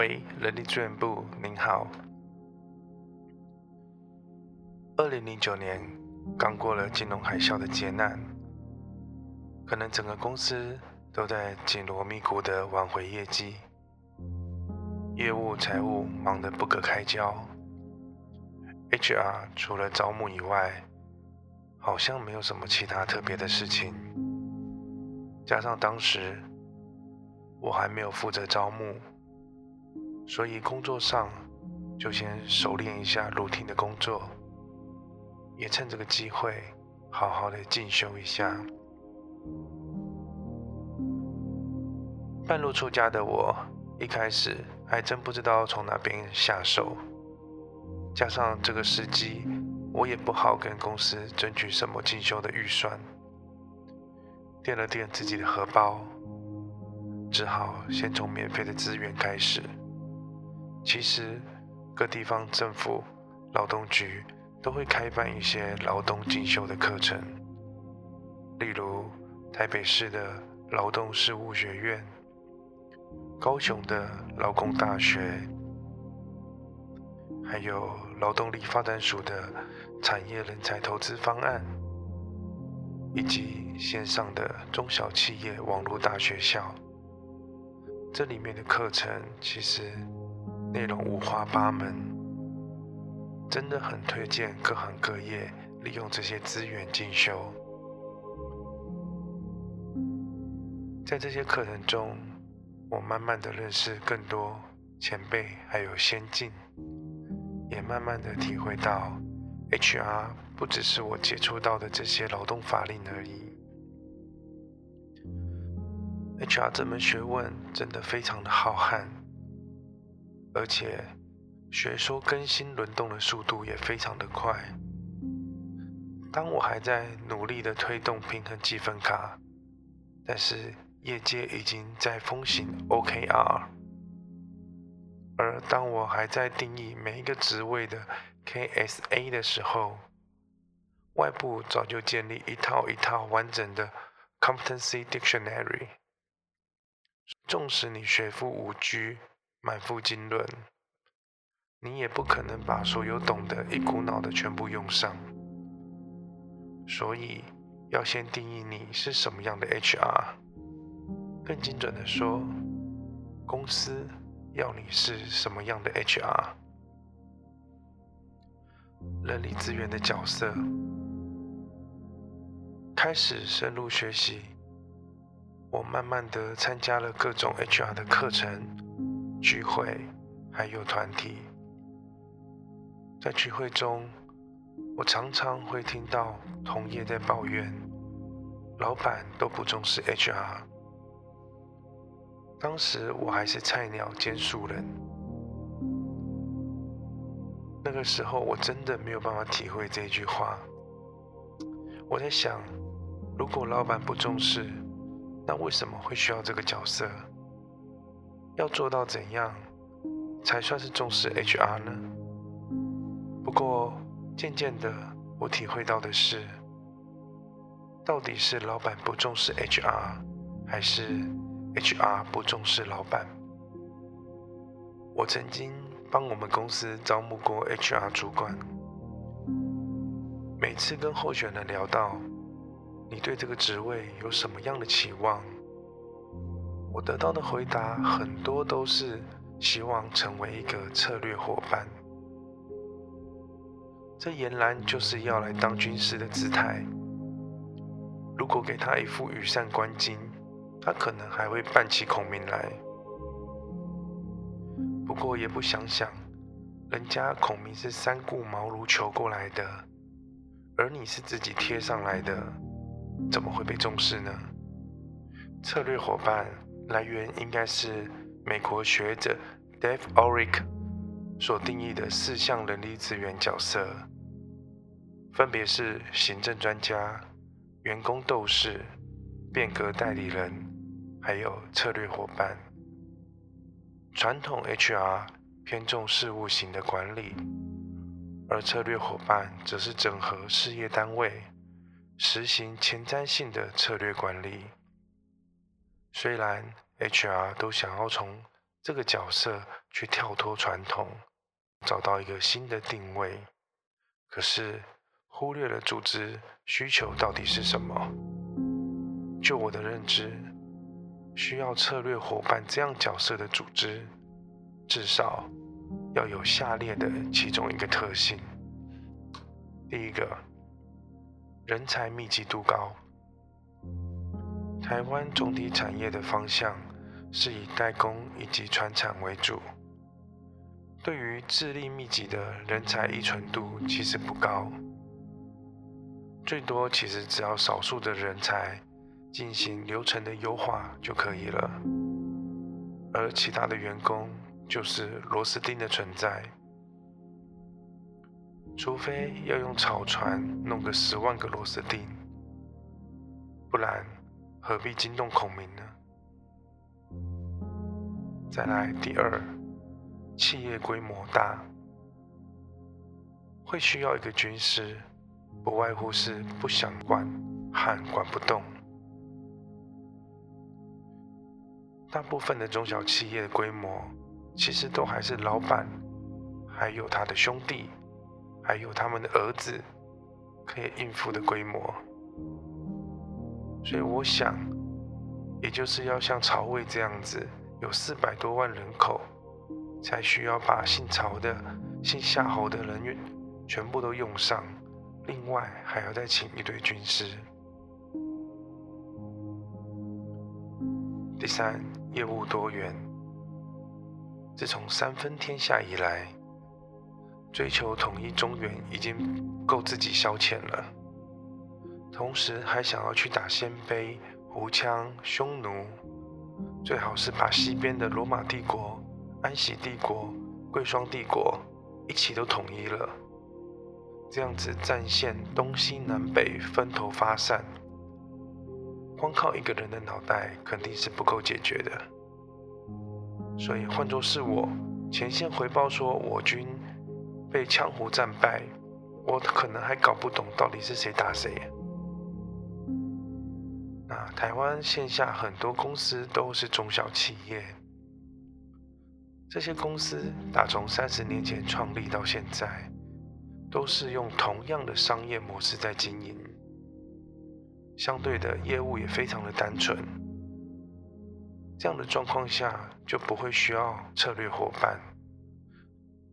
喂，人力資源部，您好。二零零九年剛過了金融海嘯的劫難，可能整個公司都在緊鑼密鼓的挽回業績，業務、財務忙得不可開交。HR 除了招募以外，好像沒有什麼其他特別的事情。加上當時我還沒有負責招募。所以工作上就先熟練一下入婷的工作，也趁這個機會好好的進修一下。半路出家的我，一開始還真不知道從哪邊下手，加上這個時機，我也不好跟公司爭取什麼進修的預算，掂了掂自己的荷包，只好先從免費的資源開始。其實，各地方政府、勞動局都會開辦一些勞動進修的課程，例如台北市的勞動事務學院、高雄的勞工大學，還有勞動力發展署的產業人才投資方案，以及線上的中小企業網絡大學校。這裡面的課程其實，內容五花八門，真的很推薦各行各業利用這些資源進修。在這些課程中，我慢慢的認識更多前輩，還有先進，也慢慢的體會到，HR 不只是我接觸到的這些勞動法令而已，HR 這門學問真的非常的浩瀚。而且，學說更新輪動的速度也非常的快。當我還在努力的推動平衡計分卡，但是業界已經在風行 OKR、OK。而當我還在定義每一個職位的 KSA 的時候，外部早就建立一套一套完整的 Competency Dictionary。縱使你學富五車，滿腹經綸，你也不可能把所有懂得一股腦的全部用上，所以要先定義你是什麼樣的 HR。更精準的說，公司要你是什麼樣的 HR，人力資源的角色開始深入學習，我慢慢的參加了各種 HR 的課程、聚會還有團體，在聚會中，我常常會聽到同業在抱怨，老闆都不重視 HR。當時我還是菜鳥兼素人，那個時候我真的沒有辦法體會這句話。我在想，如果老闆不重視，那為什麼會需要這個角色？要做到怎樣才算是重視 HR 呢？不過漸漸的，我體會到的是，到底是老闆不重視 HR，還是 HR 不重視老闆？我曾經幫我們公司招募過 HR 主管，每次跟候選人聊到，你對這個職位有什麼樣的期望？我得到的回答很多都是希望成為一個策略夥伴，這儼然就是要來當軍師的姿態。如果給他一副羽扇綸巾，他可能還會扮起孔明來。不過也不想想，人家孔明是三顧茅廬求過來的，而你是自己貼上來的，怎麼會被重視呢？策略夥伴。來源應該是美國學者 Dave Ulrich 所定義的四項人力資源角色，分別是行政專家、員工鬥士、變革代理人，還有策略夥伴。傳統 HR 偏重事務型的管理，而策略夥伴則是整合事業單位，實行前瞻性的策略管理。雖然 HR 都想要從這個角色去跳脫傳統，找到一個新的定位，可是忽略了組織需求到底是什麼。就我的認知，需要策略夥伴這樣角色的組織，至少要有下列的其中一個特性。第一個，人才密集度高。台灣總體產業的方向是以代工以及傳產為主，對於智力密集的人才依存度其實不高，最多其實只要少數的人才進行流程的優化就可以了，而其他的員工就是螺絲釘的存在，除非要用草船弄個十萬個螺絲釘，不然。何必驚動孔明呢？再來第二，企業規模大，會需要一個軍師，不外乎是不想管和管不動。大部分的中小企業的規模，其實都還是老闆、還有他的兄弟、還有他們的兒子可以應付的規模。所以我想，也就是要像曹魏這樣子，有四百多萬人口，才需要把姓曹的、姓夏侯的人員全部都用上，另外還要再請一堆軍師。第三，業務多元。自從三分天下以來，追求統一中原已經夠自己消遣了。同時還想要去打鮮卑、胡羌、匈奴，最好是把西邊的羅馬帝國、安息帝國、貴霜帝國一起都統一了。這樣子戰線東西南北分頭髮散，光靠一個人的腦袋肯定是不夠解決的。所以換作是我，前線回報說我軍被羌胡戰敗，我可能還搞不懂到底是誰打誰。台灣線下很多公司都是中小企業，這些公司打從三十年前創立到現在，都是用同樣的商業模式在經營，相對的業務也非常的單純。這樣的狀況下就不會需要策略夥伴，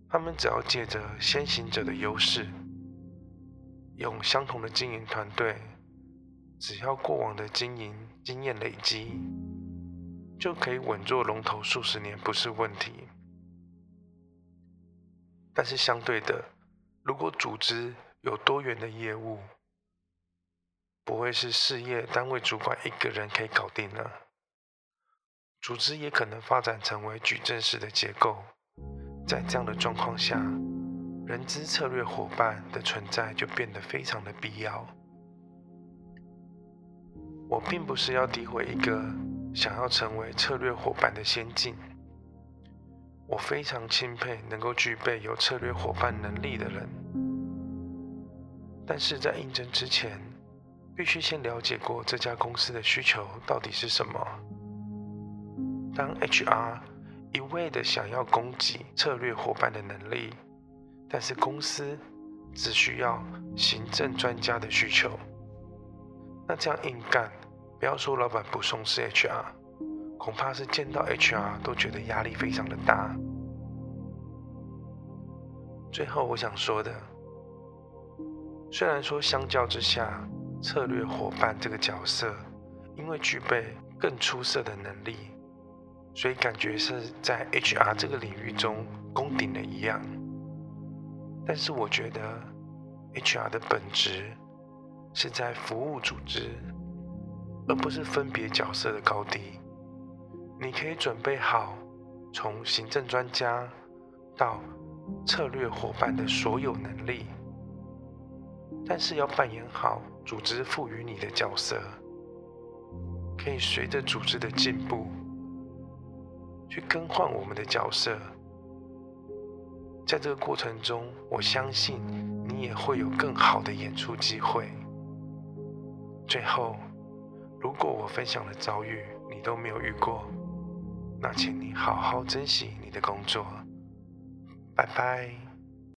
他們只要借着先行者的優勢，用相同的經營團隊。只要過往的經營經驗累積，就可以穩坐龍頭數十年不是問題。但是相對的，如果組織有多元的業務，不會是事業單位主管一個人可以搞定的。組織也可能發展成為矩陣式的結構，在這樣的狀況下，人資策略夥伴的存在就變得非常的必要。我並不是要詆毀一個想要成為策略夥伴的先進，我非常欽佩能夠具備有策略夥伴能力的人。但是在應徵之前，必須先了解過這家公司的需求到底是什麼。當 HR 一味的想要供給策略夥伴的能力，但是公司只需要行政專家的需求。那這樣硬幹，不要說老闆不重視 HR，恐怕是見到 HR 都覺得壓力非常的大。最後我想說的，雖然說相較之下，策略夥伴這個角色，因為具備更出色的能力，所以感覺是在 HR 這個領域中攻頂了一樣。但是我覺得 HR 的本質，是在服務組織，而不是分別角色的高低。你可以準備好從行政專家到策略夥伴的所有能力，但是要扮演好組織賦予你的角色。可以隨着組織的進步去更換我們的角色。在這個過程中，我相信你也會有更好的演出機會。最後，如果我分享的遭遇你都沒有遇過，那請你好好珍惜你的工作。拜拜。